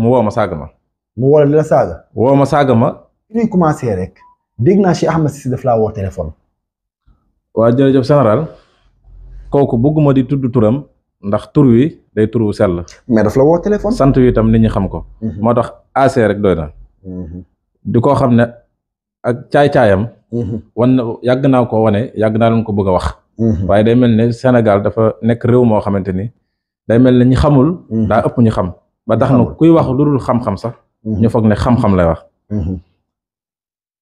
mu woo ma saaga ma. mu woo la la saaga. woo ma saaga ma. commencé rek dégg naa si Ahmed Cissé daf laa woo téléphone. waa jërëjëf général kooku bëgguma di tudd turam ndax tur wi day tur wu sell. mais daf la woo téléphone. sant wi itam nit ñi xam ko. Mhm. moo tax AC rek doy na. Mhm. di koo xam ne ak caay-caayam. Mhm. wan na yàgg naa ko wane yàgg naa leen ko bëgg a wax. waaye day mel ne Sénégal dafa nekk réew moo xamante ni day mel ne ñi xamul. daa ëpp ñu xam. ba tax na kuy wax lu dul xam-xam sax. Mhm. ñu foog ne xam-xam lay wax. Mhm.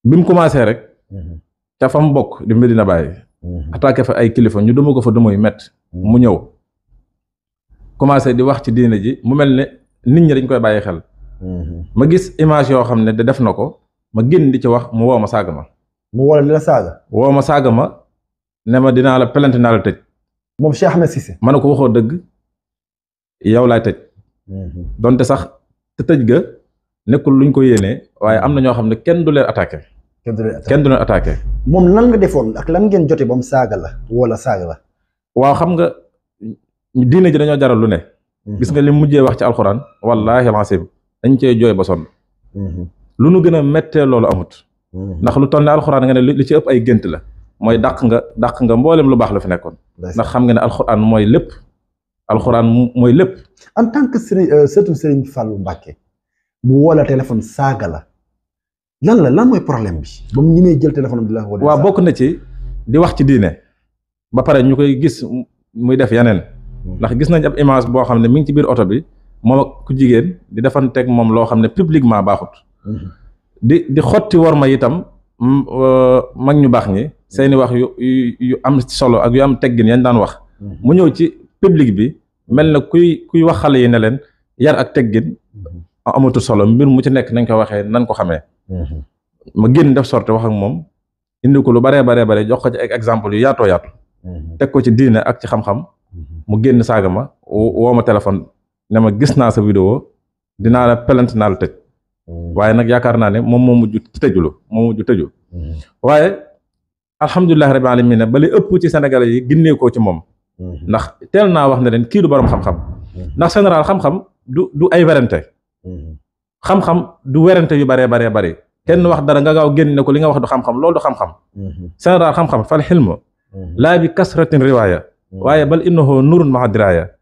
bi mu commencé rek. Mhm. ca fa mu bokk di Medina Baye. attaqué fa ay kilifa ñu duma ko fa duma yu métti. mu ñëw commencé di wax ci diine ji mu mel ne nit ñi dañ koy bàyyi xel. ma gis image yoo xam ne de def na ko ma génn di ci wax mu woo ma saaga ma. mu woo dina saaga. woo ma saaga ma ne ma dinaa la pelante naa la tëj. moom Cheikh Ahmed Cissé. ma ne ko waxoo dëgg yow laay tëj. Mhm. donte sax te tëj ga nekkul luñ ko yéenee waaye am na ñoo xam ne kenn du leen attaqué. kenn du leen attaqué kenn du attaqué. moom lan nga defoon ak lan ngeen jotee ba mu saaga la wala saaga la. waaw xam nga diine ji dañoo jaral lu ne. Mhm. gis nga li mujjee wax ci alxuraan wallaahi lancé dañ cee jooy ba sonn. Mhm. lu nu gën a méttee loolu amut. ndax lu toll ne alxuraan nga ne li ci ëpp ay gént la. mooy dàq nga dàq nga mboolem lu baax lu fi nekkoon. ndax xam nga ne alxuraan mooy lépp. alxuraan mooy lépp. en tant que Serigne euh, surtout Serigne Fallou Mbacké mu woo téléphone saaga la lan la lan mooy problème bi ba mu ñemee jël téléphone bi la woo. waaw bokk na ci di wax ci diine ba pare ñu koy gis muy def yeneen hmm. ndax gis nañ ab image boo xam ne mu ngi ci biir oto bi moom ak ku jigéen di defan defanteeg moom loo xam ne publiquement baaxut. Hmm. di di xotti worma itam euh, mag ñu baax ñi. seeni wax yu yu am solo ak yu am teggin yañ daan wax. Hmm. mu ñëw ci. public bi mel na kuy kuy wax xale yi ne leen yar ak teggin mm-hmm. amatu solo mbir mu ci nekk nañ ko waxee nan ko xamee mm-hmm. ma génn def sorte wax moom indi ko lu baree baree bare jox ko ci ay exemple yu yaatoo yaatu mm-hmm. teg ko ci diine ak ci xam-xam mu génn saaga ma woo ma téléphone ne ma gis naa sa vidéo dinaa la pelante naa la tëj waaye nag yaakaar naa ne moom moo mujj tëjulu moo mujj tëju waaye alhamdulilah rabbil alamin ne ba ëpp ci senegal yi ginnee koo ci moom Mhm. ndax teel naa wax ne leen kii du borom xam-xam mhm. ndax général xam-xam du du ay werante mhm. xam-xam du werante yu bare baree bari kenn wax dara nga gaaw génn ne ko li nga wax du xam-xam loolu du xam-xam général xam-xam fal xilmu laa bi kasratin riwaaya waaye bal innahu nurun maha diraaya